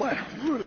Bueno.